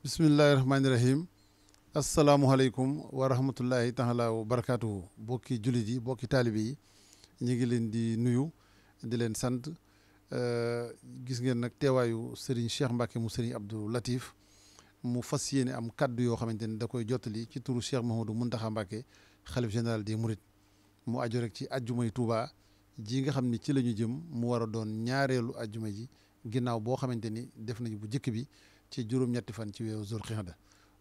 bisimillahi rahmaanirahim asalaamualeykum wa rahmatullahi taala wa barakaatuhu bokki jullit yi bokki taalibe yi ñu ngi leen di nuyu di leen sant euh, gis ngeen nag teewaayu Serigne Cheikh Mbacke mu Serigne Abdou Latif mu fas yéene am kàddu yoo xamante ni da koy jottali ci turu Cheikh Mahamadou Mountakha Mbacke xalif général di Mourides mu aju rek ci ajjumay tuuba ji nga xam ni ci la ñu jëm mu war a doon ñaareelu ajjuma ji ginnaaw boo xamante ni def nañu bu njëkk bi ci juróom-ñetti fan ci weeru Zulqaada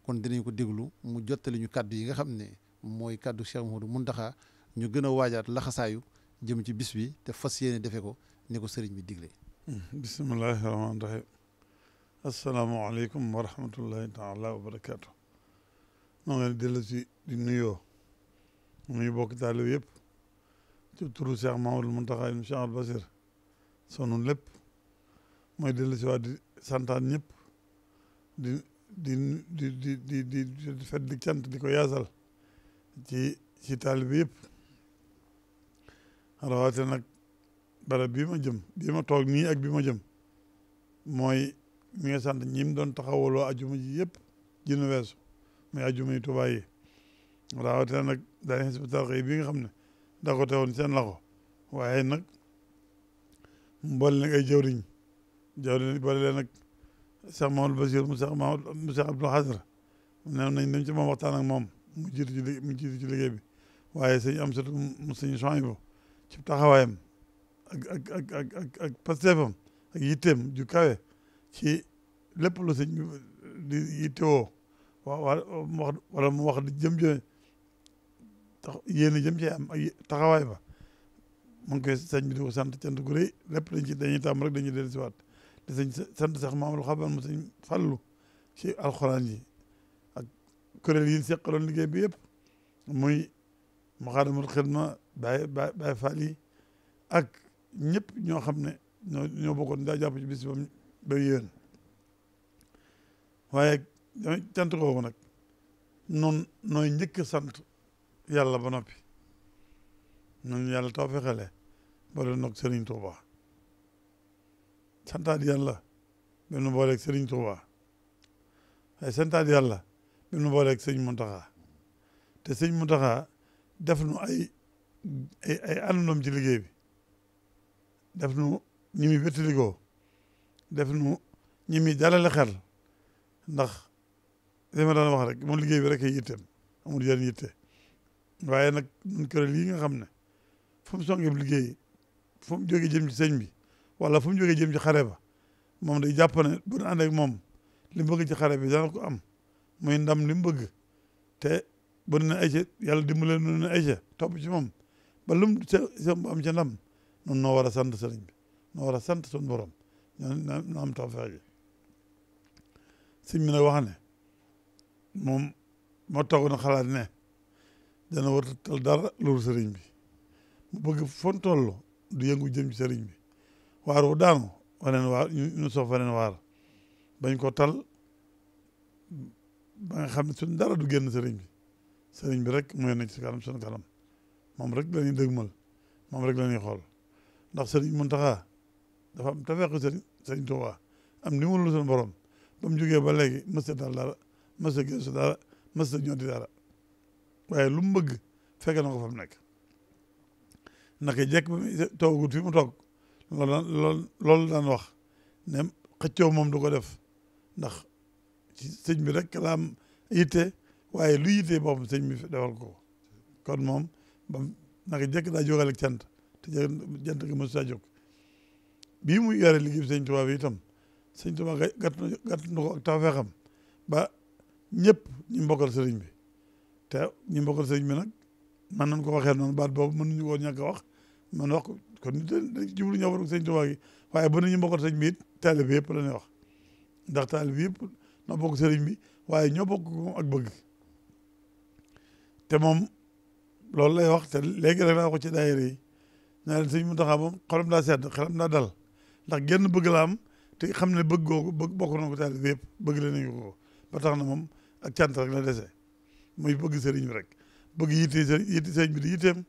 kon dinañ ko déglu mu jottali ñu kàddu yi nga xam ne mooy kàddu kaddu mu Mouhamadou Mountakha ñu gën a waajaat laxasaayu jëm ci bis bi te fas yéene defe ko ni ko sëriñ bi digle. Hmm, bisimilahi rahmaani rahim asalaamaaleykum wa rahmatullahi wa barakaatu. noo ngi dellu si di nuyoo nuyu bokk taalib yëpp ci turu Cheikh Mouhamadou Mountakha ibn Cheikh Al Basir sonu lépp mooy dellu waa di santaan ñëpp. di di di di di di di fet di ko yasal ci ci taalibe yëpp rawaate nag barab bii ma jëm bii ma toog nii ak bii ma jëm mooy mi nga sant ñi doon taxawaloo ajuma ji yëpp jinu weesu muy ajuma yi Tuubaa yi rawaate nag daal Hizbu Tarqiyyah bii nga xam ne da ko teewoon seen loxo waaye nag mboole nag ay jawriñ jawriñ boole leen nag Cheikh Mamadou Bachir mu Cheikh Mamadou mu Cheikh Abdoul Khadr ne nañ dem ci moom waxtaan ak moom mu jiitu ci li ci liggéey bi waaye sëñ am surtout mu sëñ Chouaïbou ci taxawaayam ak ak ak ak ak ak pasteefam ak yitteem ju kawe ci lépp lu sëñ bi di yittewoo wax wala mu wax di jëm jëm tax yéen a jëm ci am ak taxawaay ba mun ngi koy sëñ bi di ko sant cant gu rëy lépp dañ ci dañuy tàmm rek dañuy dellusiwaat di sëñ sant sax maamul xaban mu sëñ fàllu ci alxuraan ji ak kuréel yi seqaloon liggéey bi yëpp muy muxaadamatul xidma baay baay faal yi ak ñëpp ñoo xam ne ñoo ñoo bokkoon daa jàpp ci bis bam ba yéen waaye cant googu nag noon nooy njëkk sant yàlla ba noppi noon yàlla tawfeexale ba doon nag Sëriñ Tuubaa santaat yàlla bi nu booleeg sëriñ Tuuba waaye santaat yàlla bi nu booleeg sëñ Muntaxa te sëñ Muntaxa def nu ay ay ay àndandoom ci liggéey bi def nu ñi muy wéttalikoo def nu ñi muy jàllale xel ndax li ma daan wax rek moom liggéey bi rek ay yitteem amul yenn yitte waaye nag ñun kuréel yi nga xam ne fu mu songeb liggéey fu mu jóge jëm ci sëñ bi wala fu mu jógee jëm ci xare ba moom day jàpp ne bu ànd moom li mu bëgg ci xare bi dana ko am muy ndam li mu bëgg te bu ne ayca yàlla dimbale nu ne ayca topp ci moom ba lu mu ca am ca ndam noonu noo war a sant sëriñ bi noo war a sant suñu borom ñoo am tawfeex ji sëñ bi nag wax ne moom moo toogoon xalaat ne dana war tal dara loolu sëriñ bi mu bëgg fon toll du yëngu jëm ci sëriñ bi waaru daanu waneen waar ñu soof waneen waar bañ ko tal ba nga xam ne suñ dara du génn sëriñ bi sëriñ bi rek mooy nekk ci kanam suñ kanam moom rek la ñuy dëgmal moom rek la ñuy xool ndax sëriñ Muntaxa dafa am tafeeku sëriñ sëriñ Tuubaa am ni mu lu suñ borom ba mu ba léegi mësta dal dara mësta gëstu dara mësta ñooti dara waaye lu mu bëgg fekk na ko fa mu nekk naka jekk ba muy toogut fi mu toog loolu daan loolu loolu wax ne xëccoo moom du ko def ndax ci sëñ bi rek la am yitte waaye lu yitte boppam sëñ bi defal ko kon moom ba naka jëkk daa jógal ak cant te jant gi mos saa jóg bii muy yore liggéey bi sëñ Tuubaa bi itam sëñ Tuubaa gàtt na gàtt na ko ak ba ñëpp ñu mbokkal sëriñ bi te ñu mbokkal sëriñ bi nag man nañ ko waxee noonu baat boobu mënuñu ko ñàkk a wax man wax kon dañ jublu njabootu sëñ Tuubaa gi waaye ba nañu mbokkal sëñ bi it taalibe bi yëpp la ñuy wax ndax taalibe bi yëpp noo bokk sëriñ bi waaye ñoo bokk moom ak bëgg te moom loolu lay wax te léegi rek laa ko ci daayira yi naa leen sëñ Muntaxa moom xolam daa sedd xelam daa dal ndax genn bëgg la am te xam ne bëgg googu bëgg bokk na ko taalibe bi yëpp bëgg la nañu ko ba tax na moom ak cant rek la dese muy bëgg sëriñ bi rek bëgg yitte sëriñ yitte sëriñ bi di yitteem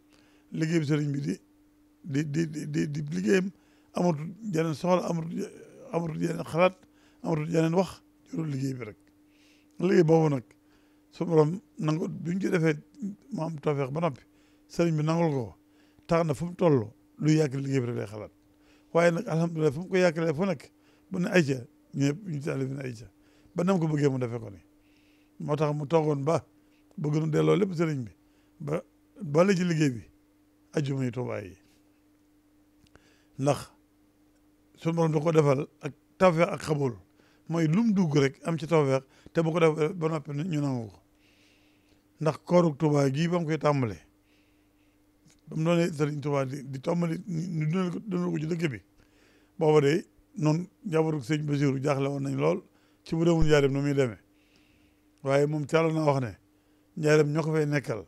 liggéey bi sëriñ bi di di di di di liggéeyam amatul jeneen soxla amatul amatul jeneen xalaat amatul jeneen wax jurul liggéey bi rek liggéey boobu nag su borom nangu duñ ci defee mu am ba noppi sëriñ bi nangul ko tax na fu mu toll lu yàgg liggéey bi rek lay xalaat waaye nag alhamdulilah fu mu ko yàggalee fu nekk bu ay ayca ñëpp ñu taale bi ne ayca ba nam ko bëggee mu defee ko moo tax mu toogoon ba bëgg nu delloo lépp sëriñ bi ba boole ci liggéey bi ajjuma yi tuuba yi ndax suñu borom da ko defal ak tawfeex ak xabul mooy lum dugg rek am ci tawfeex te bu ko def ba noppi ñu nangu ko ndax kooru Tuubaa gii ba koy tàmbale ba mu doonee Sëriñ Tuubaa di di tàmbali ñu dundal ko dundal ko ci dëkk bi booba de noonu njabootu sëñ Basiru jaaxle woon nañ lool ci bu demul njaareem nu muy demee waaye moom caaloon na wax ne njaareem ñoo ko fay nekkal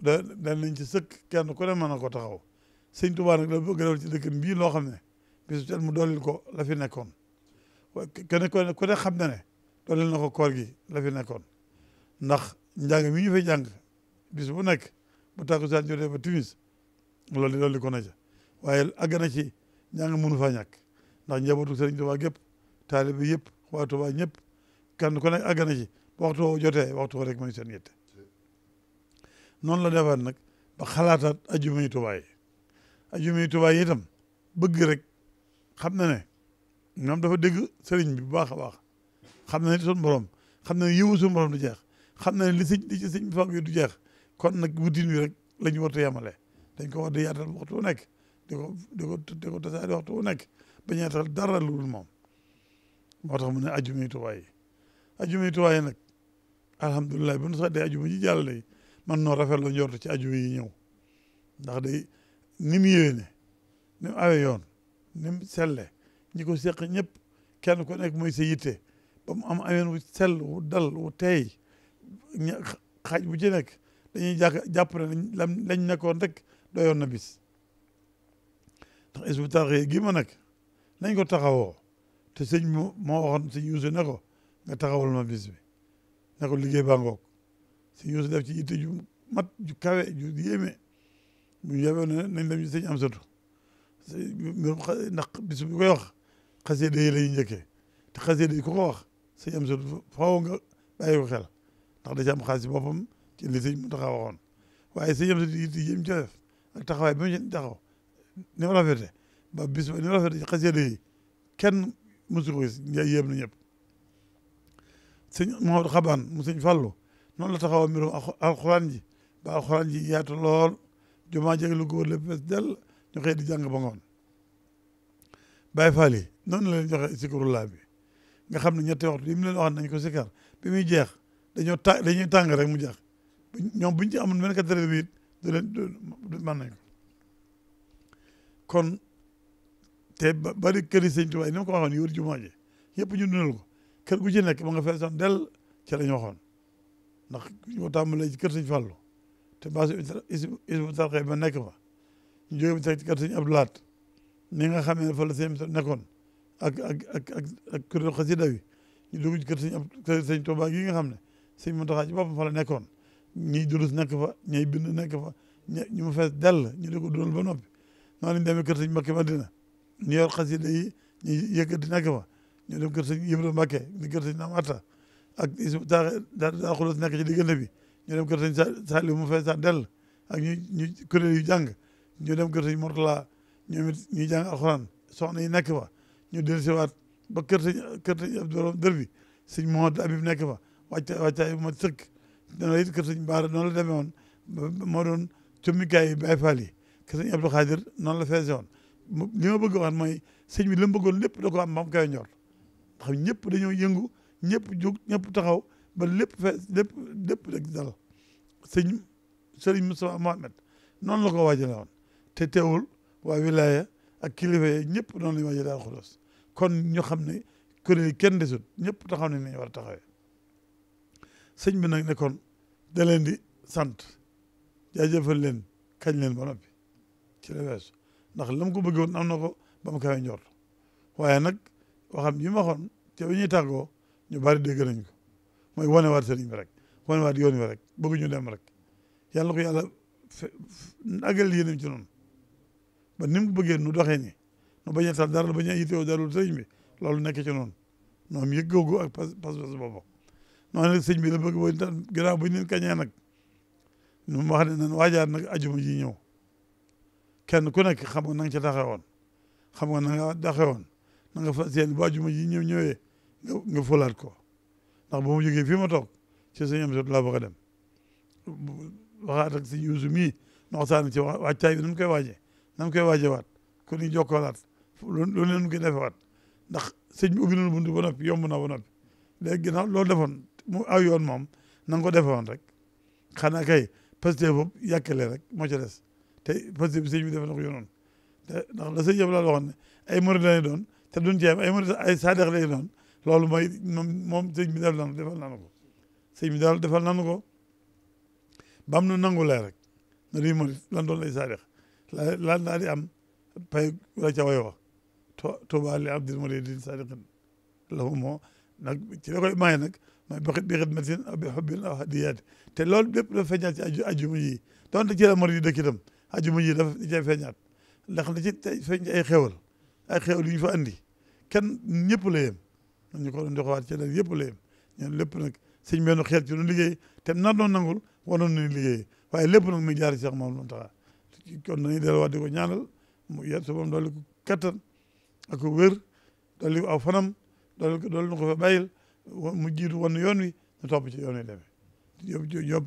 da dañ nañ ci sëkk kenn ko ne mën na ko taxaw sëñ Tuubaa nag la bëgg a def ci dëkk bii loo xam ne bisu tet mu doolil ko la fi nekkoon kenn ku ne xam na ne doolil na ko koor gi la fi nekkoon ndax njàng mi ñu fay jàng bis bu nekk bu takkusaan jotee ba timis loolu loolu waaye àgg na ci mënu faa ñàkk ndax njabootu sëriñ Tuubaa gépp taalibe yëpp waa Tuubaa ñëpp kenn ko nekk àgg na ci waxtu woo jotee waxtu woo rek mooy seen yitte noonu la defaat nag ba xalaataat ajjuma yi Tuubaa ajuma yi Tuubaa yi itam bëgg rek xam na ne ñoom dafa dégg sëriñ bi bu baax a baax xam na ne suñu xam na ne yëwu suñu borom du jeex xam na li sëñ li ci sëñ bi fàgg du jeex kon nag wutin wi rek la ñu warta yemale dañ ko war di yaatal waxtu wu nekk di ko tasaari waxtu wu nekk bañ yaatal dara moom moo tax mu ne ajuma yi Tuubaa yi ajuma nag alhamdulilah bu nu sax dee ajuma ji jàll man noo rafet la njort ci ajuma yi ñëw ndax day ni mu yéene awe yoon ni selle ñi ko seq ñëpp kenn ku nekk muy sa yitte ba mu am aween wu sell wu dal wu teey xaaj bu ci nekk dañuy jàkk jàpp ne lañ lañ nekkoon rek doyoon na bis ndax Hizbut Tarqiyyah gi ma nag nañ ko taxawoo te sëñ bi moo waxoon sëñ Yuusu ne ko nga taxawal ma bis bi ne ko liggéey baa ngoog sëñ Yuusu def ci yitte ju mat ju kawe ju yéeme mu yaboo ne nañ dem ci sëñ Amsatu ndax bis bu koy wax xasida yi lañuy njëkkee te xasida yi ku ko wax sëñ Amsatu nga bàyyi ko xel ndax da ci am xaalis boppam ci li sëñ Muntaxa waxoon waaye sëñ Amsatu yi yëm ci def ak taxawaay ba mu taxaw ni mu rafetee ba bis ba ni mu rafetee ci xasida yi kenn mësu ko gis yéem na ñëpp sëñ Maodo Xabaan mu sëñ Fàllu noonu la taxawoo mbirum alxuraan ji ba alxuraan ji yaatu lool jumaa jeeg lu ko wër lépp fees dell ñu xëy di jàng ba ngoon Baay Faal yi noonu la leen joxe sikarulaa bi nga xam ne ñetti waxtu yi mu leen waxoon nañ ko sikar bi muy jeex dañoo ta dañuy tàng rek mu jeex ñoom buñ ci amoon vingt-quatre heures bi du leen nañ kon te bari këri sëñ Tuubaa ni ma ko waxoon yi wër jumaa ji yëpp ñu dundal ko kër gu ci nekk ba nga feesoon del ci la ñu waxoon ndax ñu ko tàmbalee ci kër sëñ Fallou te base isbu tarxee ba nekk fa ñu jóge bi teg ci kër sëñ Abdou nga xamee ne fa la seen nekkoon ak ak ak ak ak kuréel xasida wi ñu dugg ci kër sëñ ab kër nga xam ne sëñ Muntaxaa ci boppam fa la nekkoon ñiy durus nekk fa ñiy bind nekk fa ñu mu fees dell ñu di ko ba noppi noonu lañ demee kër sëñ Mbakke Madina ñu yor xasida yi ñu yëkkati nekk fa ñu dem kër sëñ Ibra Mbakke di kër sëñ Naam Atta ak isbu taaxe daa xulos nekk ci diggante bi ñu dem kër sëñ Saliou mu fees sax dell ak ñu ñu kuréel yu jàng ñu dem kër sëñ Mortala ñoom it ñuy soxna yi nekk fa ñu dellusiwaat ba kër sëñ kër sëñ Abdou Borom dër bi sëñ Mouhamadou Habib nekk fa wàcca wàccaay bu mat sëkk dana it kër sëñ Baara noonu la demee woon moo doon cummikaay yi Baay Faal yi kër sëñ Abdou Khadir noonu la feese woon li ma bëgg wax mooy sëñ bi li mu bëggoon lépp da ko am ba mu koy ñor xam ñëpp dañoo yëngu ñëpp jóg ñëpp taxaw ba lépp fees lépp lépp rek dal sëñ sëriñ Moustapha Mohamed noonu la ko waajale woon te tewul waa wilaya ak kilifa yi ñëpp noonu la ñu waajale kon ñu xam ne kuréel yi kenn desut ñëpp taxaw ne nañu war a taxawee sëñ bi nag ne kon da di sant jaajëfal leen kañ leen ba noppi ci la weesu ndax lam ko bëggoon am na ko ba mu kawe njort waaye nag waxam yi ma waxoon te ñuy tàggoo ñu bari dégg nañ ko mooy wane waat sëriñ bi rek wane waat yoon wi rek bëgg ñu dem rek yàlla ko yàlla fe àggal yéenam ci noonu ba ni mu bëggee nu doxee ni nu bañ a sal dara bañ a yitewoo darul sëriñ bi loolu nekk ci noonu noom yëg googu ak pas pas boobu noonu nag sëñ bi la bëgg booy gannaaw bu ñu leen kañee nag nu mu wax ne nan waajaar nag ajuma ji ñëw kenn ku nekk xam nga na nga ca taxawoon xam nga na nga woon na nga fas yéene bu ajuma ji ñëw ñëwee nga nga ko ndax bu ma jógee fii ma toog ci sëñ Amsatu laa bëgg a dem waxaat ak sëñ Yuusu mii na waxtaan ci waajtaay bi nu mu koy waajee na mu koy waajee waat kon ñu jokkoolaat loolu leen koy defee waat ndax sëñ bi ubbi na buntu ba yomb na ba noppi léegi ginnaaw loolu defoon mu aw yoon moom na nga ko defee rek xanaa kay Pastef boobu yàkkale rek moo ca des te Pastef bi sëñ bi def na ko yoonoon te ndax la sëñ yëpp laa waxoon ay murid lañu doon te duñ ci ay murid ay saadex lañu doon loolu mooy moom moom sëñ bi def lan defal nanu ko sëñ bi daal defal nanu ko bam nu nangulee rek na duy mari lan doon lay saadix la laan daa di am pay la ca way wax tuuba li abdil muridin saadiqin lahu moo nag ci la koy maye nag mooy baxit bi xidmatin aw bi xubbin aw hadiyaat te loolu lépp dafa feeñaat ci aju ajuma yi donte ci la murid yi da itam ajuma yi ndax na ci tey feeñ ay xewal ay xewal yu andi kenn ñëpp la yem man ñu ko doon joxewaat ci nag yëpp la yem ñun lépp nag sëñ benn ci doon liggéey te na doon nangul wanoon nañu liggéey waaye lépp nag muy jaar ci Cheikh Mamadou Mountakha kon nañuy delluwaat di ko ñaanal mu yet subam doolu ko kattan ak ko wér doolu ko aw fanam doolu ko doolu na ko fa bàyyil mu jiitu won yoon wi ñu topp ci yoon wi demee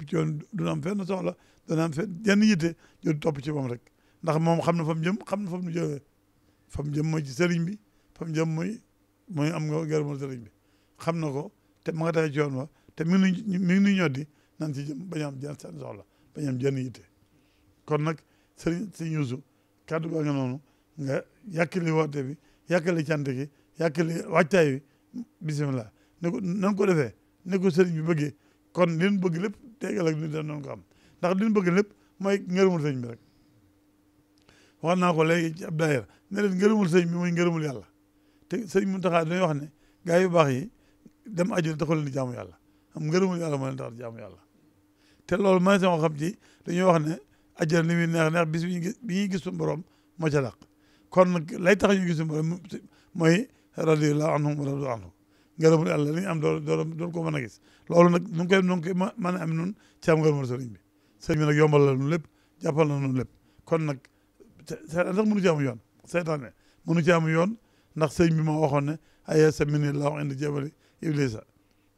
ci yoon duna am fenn soxla duna am fenn jenn yitte ñu topp ci moom rek ndax moom xam na fa mu xam na fa mu jëmee fa mu jëm ci sëriñ bi fa mu jëm mooy am nga gërëmul sëriñ bi xam na ko te ma nga taxee te mi ngi nuy mi ngi nuy ñoddi nan ci jëm bañ am jën seen soxla bañ am jën yitte kon nag sëriñ si ñuusu kàddu gaa nga noonu nga yàkkali woote bi yàkkali cant gi yàkkali wàccaay bi bisimilah ne ko nan ko defee ne ko sëriñ bi bëggee kon li bëgg lépp teegal ak ni dañ ko am ndax li ñu bëgg lépp mooy ngërëmul sëriñ bi rek wax naa ko léegi ci ab daayira ne leen ngërëmul sëriñ bi mooy ngërëmul yàlla te sëriñ Mountakha dañuy wax ne gaa yu baax yi dem ajul taxul ni jaamu yàlla am ngërëmul yàlla moo leen tax jaamu yàlla te loolu man sama xam ci dañuy wax ne ajjana ni muy neex neex bis bi ñuy gis bi gis suñu borom moo ca dàq kon nag lay tax ñu gis suñu borom mooy radiyallahu anhum wa radu anhum ngërëmul yàlla li ñu am doo doo doon mën a gis loolu nag nu ngi koy nu ngi mën a am nun ci am ngërëmul sëriñ bi sëriñ bi yombal la lépp jàppal na lépp kon nag seetaan sax mënu ci am yoon seetaan ne mënu ci am yoon ndax sëñ bi moo waxoon ne aya sa mini laaw indi jabari iblisa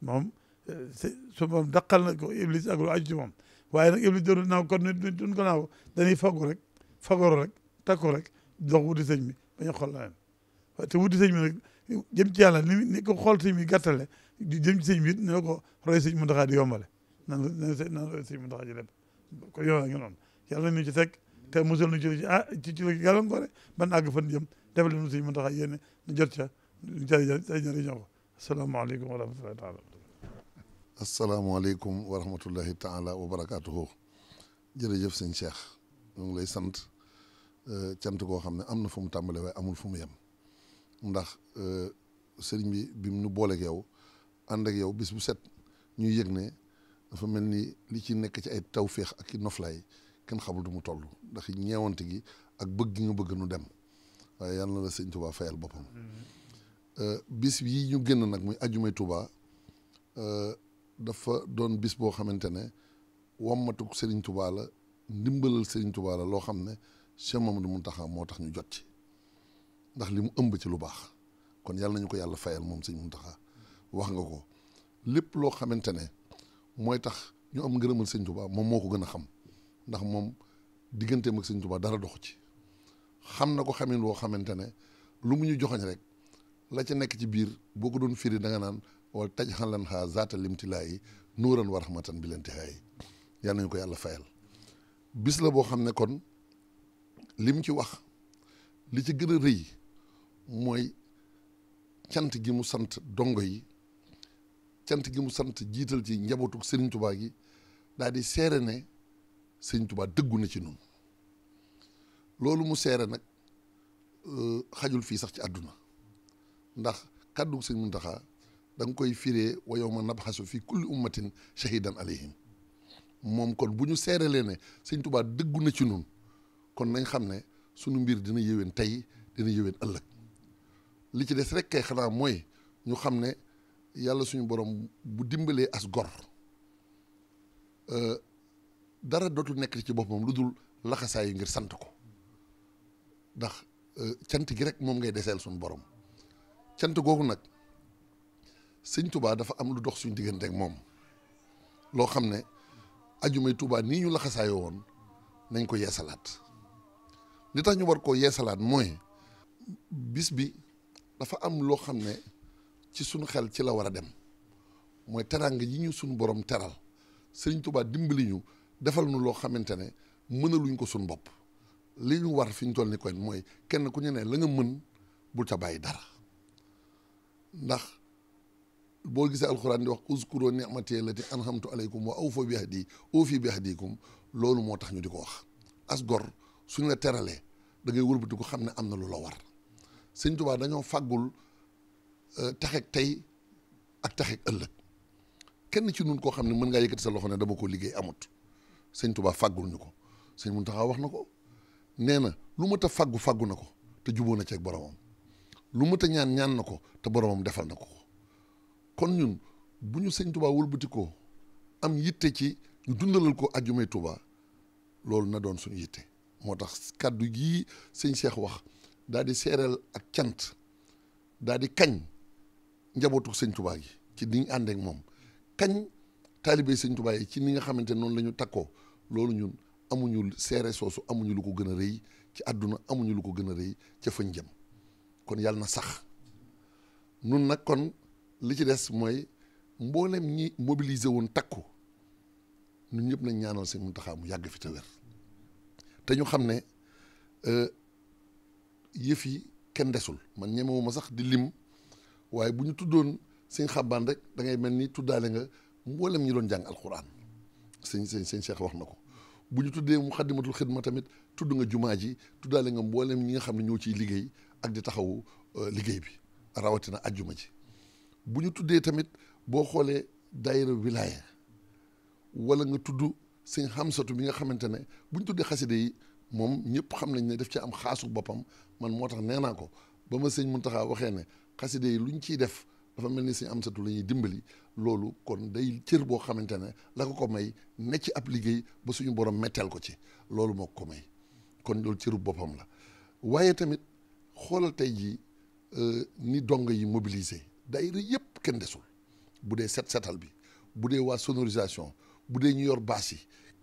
moom eh, su moom daqal na ko iblis ak lu aju ci moom waaye nag iblis doon naaw ko nit duñ ko naaw dañuy fagu rek fagoro rek takku rek dox wuti sëñ bi bañ a xool leneen te wuti sëñ bi nag jëm ci yàlla ni ni ko xool sëñ bi gàttale jëm ci sëñ bi ni la ko roy sëñ Muntaxa di yombale nan nan nan roy sëñ Muntaxa ji lépp ko yow a ngi noonu yàlla nañu ci fekk te musal nañu ci ah, ci ci gàllankoor ban àgg fan defal nu Sëriñ Muntaxa yéene nu jot ca jëriñoo ko asalaamaaleykum wa rahmatullahi taala asalaamaaleykum wa rahmatullahi taala wa barakaatuhu jërëjëf sëñ Cheikh ñu ngi lay sant euh, cant koo xam ne am na fu mu tàmbale waaye amul fu mu yem ndax euh, sëriñ bi bi mu nu yow ànd ak yow bis bu set ñuy yëg dafa mel ni li ci nekk ci ay tawféex ak i noflay kenn xamul du mu toll ndax ñeewante gi ak bëgg gi bëgg nu dem waaye yàlla na la sëñ Touba fayal boppam. Mm-hmm. Euh, bis yi ñu génn nag muy ajumay Touba euh, dafa doon bis boo xamante ne wammatuk Serigne Touba la ndimbalal Serigne Touba la loo xam ne Cheikh mun Mountakha moo tax ñu jot ci ndax li mu ëmb ci lu baax kon yal nañu ko yàlla fayal moom Serigne Mountakha wax nga ko lépp loo xamante ne mooy tax ñu am ngërëmal Serigne tubaa moom moo ko gën a xam ndax moom digganteem ak Serigne Touba dara dox ci. xam na ko xamin woo xamante ne lu mu ñu joxoñ rek la ca nekk ci biir boo ko doon firi danga nga naan wala taj xalan xaa zaata limtilaayi nuuran wa rahmatan bi lantihaayi yal nañu ko yàlla fayal bis la boo xam ne kon lim ci wax li ci gën a rëy mooy cant gi mu sant dongo yi cant gi mu sant jiital ci njabootu Serigne Touba gi daal di seere ne Serigne Touba dëggu na ci ñun loolu mu seere nag euh, xajul fii sax ci àdduna ndax kàddu sëñ Muntaxa da nga koy firee wa yawma nabxasu fi kulli ummatin shahidan alayhim moom kon bu ñu seeralee ne sëñ Tuubaa dëggu na ci nun kon nañ xam ne suñu mbir dina yëwén tey dina yëwén ëllëg li ci des rek kay xanaa mooy ñu xam ne yàlla suñu borom bu dimbalee as gor euh, dara dootul nekk ci boppam lu dul laxasaa yi ngir sant ko ndax euh, cant gi rek moom ngay deseel suñu borom cant googu nag sëñ Touba dafa am lu dox suñ diggante ak moom loo xam ne ajumay Touba nii ñu laxasaayoo woon nañ ko yeesalaat li tax ñu war koo yeesalaat mooy bis bi dafa am loo xam ne ci suñu xel ci la war a dem mooy teraanga yi ñu suñu borom teral sëñ Touba dimbali ñu defal nu loo xamante ne mënaluñ ko suñu bopp li ñu war fi ñu toll ni kon mooy kenn ku ñu ne la nga mën bul ca bàyyi dara ndax boo gisee alxuraan di wax uzkuru ni'mati allati an'amtu alaykum wa awfu bi ahdi ufi bi ahdikum loolu moo tax ñu di ko wax as gor suñ la teralee da ngay wëlbati ko xam ne am na lu la war sëñ Tuubaa dañoo fàggul euh, taxek tey ak taxek ëllëg kenn ci nun koo xam ne mën ngaa yëkkati sa loxo ne dama ko liggéey amut sëñ Tuubaa fàggul ñu ko sëñ Muntaxa wax na ko nee na lu mat a faggu faggu na ko te juboo na ceeg boromam lu mat a ñaan ñaan na ko te boromam defal na ko kon ñun bu ñu sëñ Tuubaa wëlbatikoo am yitte ci ñu dundalal ko ak ajjumay tubaa loolu na doon suñu yitte moo tax kàddu yii sëñ Cheikh wax daal di seereel ak cant daal kañ njabootu sëñ Tuubaa gi ci ni ñu moom kañ taalibe sëñ Tuubaa yi ci ni nga xamante noonu lañu ñu takkoo loolu ñun. amuñu seere soosu amuñu lu ko gën a rëy ci àdduna amuñu lu ko gën a rëy ca fañ jëm kon yàlla na sax nun nag kon li ci des mooy mboolem ñi mobilisé woon takku ñun ñëpp nañ ñaanal Sëñ Muntaxa mu yàgg fi te wér te ñu xam ne euh, yëf yi kenn desul man ñemewuma sax di lim waaye bu ñu tuddoon sëñ xabbaan rek da ngay mel ni tuddaale nga mboolem ñi doon jàng alxuraan sëñ sëñ sëñ Cheikh wax na ko bu ñu tuddee mu xaddimatul xidma tamit tudd nga jumaa ji tuddaale nga mbooleem ñi nga xam ne ñoo ciy liggéey ak di taxaw euh, liggéey bi rawatina ajjuma ji bu ñu tuddee tamit boo xoolee daayira wilaaya wala nga tudd sëñ xamsatu bi nga xamante ne bu ñu tuddee xaside yi moom ñëpp xam nañ ne def ci am xaasu boppam man moo tax nee naa ko ba ma sëñ Muntaxa waxee ne xaside yi luñ ciy def dafa mel ni suñu am satu la ñuy dimbali loolu kon day cër boo xamante ne la ko ko may ne ci ab liggéey ba suñu borom metteel ko ci loolu moo ko may kon loolu cëru boppam la waaye tamit xoolal tey jii euh, ni dong yi mobiliser daayira yëpp kenn desul bu dee set setal bi bu dee waa sonorisation bu dee ñu yor baas yi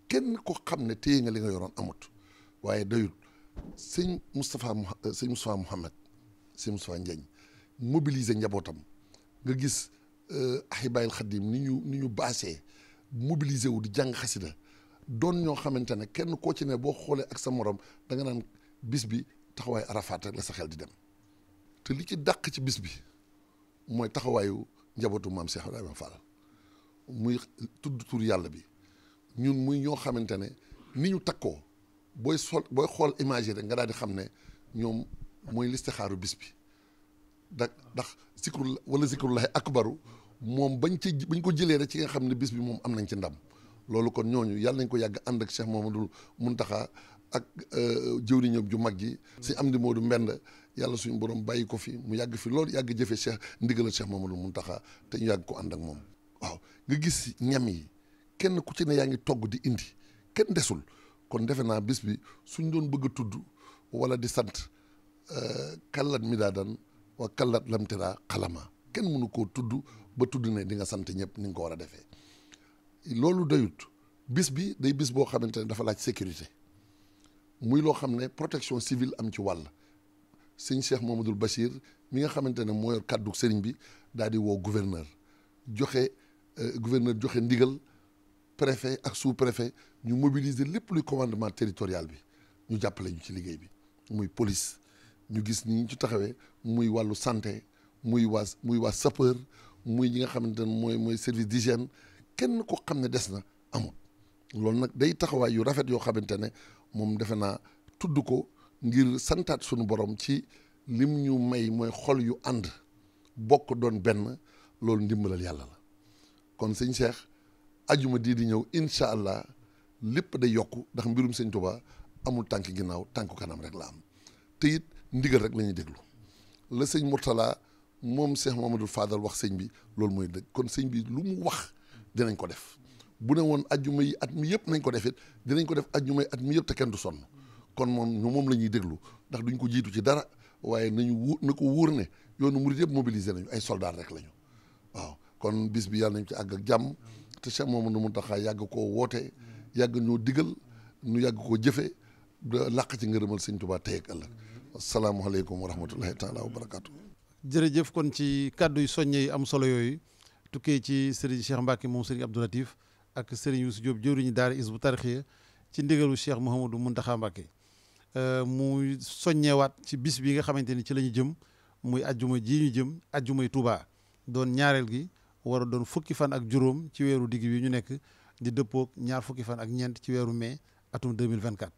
kenn ko xam ne téye nga li nga yoroon amut waaye doyul sëñ Moustapha euh, sëñ Moustapha Mouhamed sëñ Moustapha Ndiagne mobiliser njabootam nga gis euh, ahibayil xadim ni ñu ni ñu baasee mobiliser wu di jàng xasida doon ñoo xamante ne kenn koo ci ne boo xoolee ak sa morom da nga naan bis bi taxawaay Arafat rek la sa xel di dem te li ci dàq ci bis bi mooy taxawaayu njabootu maam Cheikh Ibrahima Fall muy tudd tur yàlla bi ñun muy ñoo xamante ne ni ñu takkoo booy sol booy xool image rek nga daal di xam ne ñoom mooy listixaaru bis bi da ndax zikru wala zikrullahi akbaru moom bañ ci bañ ko jëlee rek ci nga xam ne bis bi moom am nañ ci ndam loolu kon ñooñu yàlla nañ ko yàgg ànd ak dul mun Muntaxa ak euh, jëwriñam ju mag ji si am di Moodu Mbend yàlla suñu borom bàyyi ko fi mu yàgg fi loolu yàgg jëfe Cheikh ndigalal Cheikh Mamadou Muntaxa te ñu yàgg ko ànd ak moom waaw nga gis ñam yi kenn ku ci ne yaa ngi togg di indi kenn desul kon defe naa bis bi suñ doon bëgg a tudd wala di sant euh, kallat mi daa waa wa kallat lamtira xalama kenn mënu ko tudd ba tudd ne dinga nga sant ñëpp ni nga ko war a defee loolu doyut bis bi day bis boo xamante ne dafa laaj sécurité muy loo xam ne protection civile am ci wàll sëñ Cheikh Mamadou Bachir mi nga xamante ne moo yor kàddu sëriñ bi daal di woo gouverneur joxe euh, gouverneur joxe ndigal préfet ak sous préfet ñu mobiliser lépp luy commandement territorial bi ñu jàpp lañu ci liggéey bi muy police ñu gis ni ñu ci taxawee muy wàllu sante muy waa muy waa sapeur muy ñi nga xamante mooy mooy service d'hygiène kenn ko xam ne des na amul loolu nag day taxawaay yu rafet yoo xamante ne moom defe naa tudd ko ngir santaat suñu borom ci lim ñu may mooy xol yu ànd bokk doon benn loolu ndimbalal yàlla la kon sëñ Cheikh ajuma dii di ñëw incha allah lépp day yokk ndax mbirum sëñ Tuubaa amul tànk ginnaaw tànk kanam rek la am te it ndigal rek lañuy déglu la sëñ Mourtala moom Cheikh Mamadou faadal wax sëñ bi loolu mooy dëgg kon sëñ bi lu mu wax dinañ ko def bu ne woon ajjuma yi at mi yëpp nañ ko def it dinañ ko def ajjuma yi at mi yëpp te kenn du sonn kon moom ñu moom la ñuy déglu ndax duñ ko jiitu ci dara waaye nañu wóor na ko wóor ne yoonu murid yëpp mobilisé nañu ay soldat rek lañu waaw kon bis bi yàlla nañ ci àgg jàmm te moom Cheikh Mamadou Mountakha yàgg koo woote yàgg ñoo digal ñu yàgg koo jëfe da ci ngërëmal sëñ Tuubaa tey asalaamualeykum wa rahmatullahi taala wa barakaatu. jërëjëf kon ci kàddu yu soññe yi am solo yooyu tukkee ci sëriñ Cheikh Mbacke moom sëriñ Abdou Latif ak sëriñ Youssou Diop jëwriñu daara Hizbut Tarqiyyah ci ndigalu Cheikh Mouhamadou Mountakha Mbacke euh, muy soññewaat ci bis bi nga xamante ni ci la ñu jëm muy ajjuma ji ñu jëm ajjumay tubaa doon ñaareel gi war a doon fukki fan ak juróom ci weeru digg bi ñu nekk di dëppoog ñaar fukki fan ak ñeent ci weeru mai atum 2024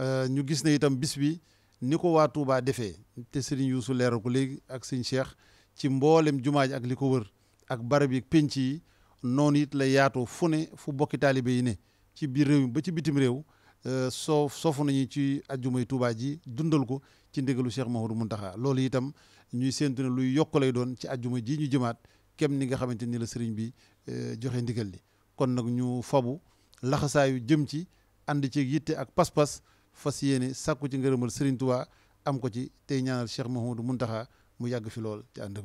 euh, ñu gis ne itam bis bi ni ko waa Touba defee te sëriñ Youssou leeral ko léegi ak sëñ Cheikh ci mboolem jumaa ji ak li ko wër ak barab yi penc yi noonu it la yaatoo fu ne fu bokki taalibe yi ne ci biir réew ba ci bitim réew euh, soo soofu nañu ci ajjumay Touba ji dundal ko ci ndigalu Cheikh mun Mountakha loolu itam ñuy séentu ne luy yokk lay doon ci ajjuma ji ñu jëmaat kem ni nga xamante ni la seriñ bi euh, joxe ndigal li kon nag ñu fabu laxasaayu jëm ci ànd ci yitte ak pas-pas fas yéene sàkku ci ngërëmal Serigne Touba am ko ci tey ñaanal Cheikh Mouhamadou Mountakha mu yàgg fi lool ci ànd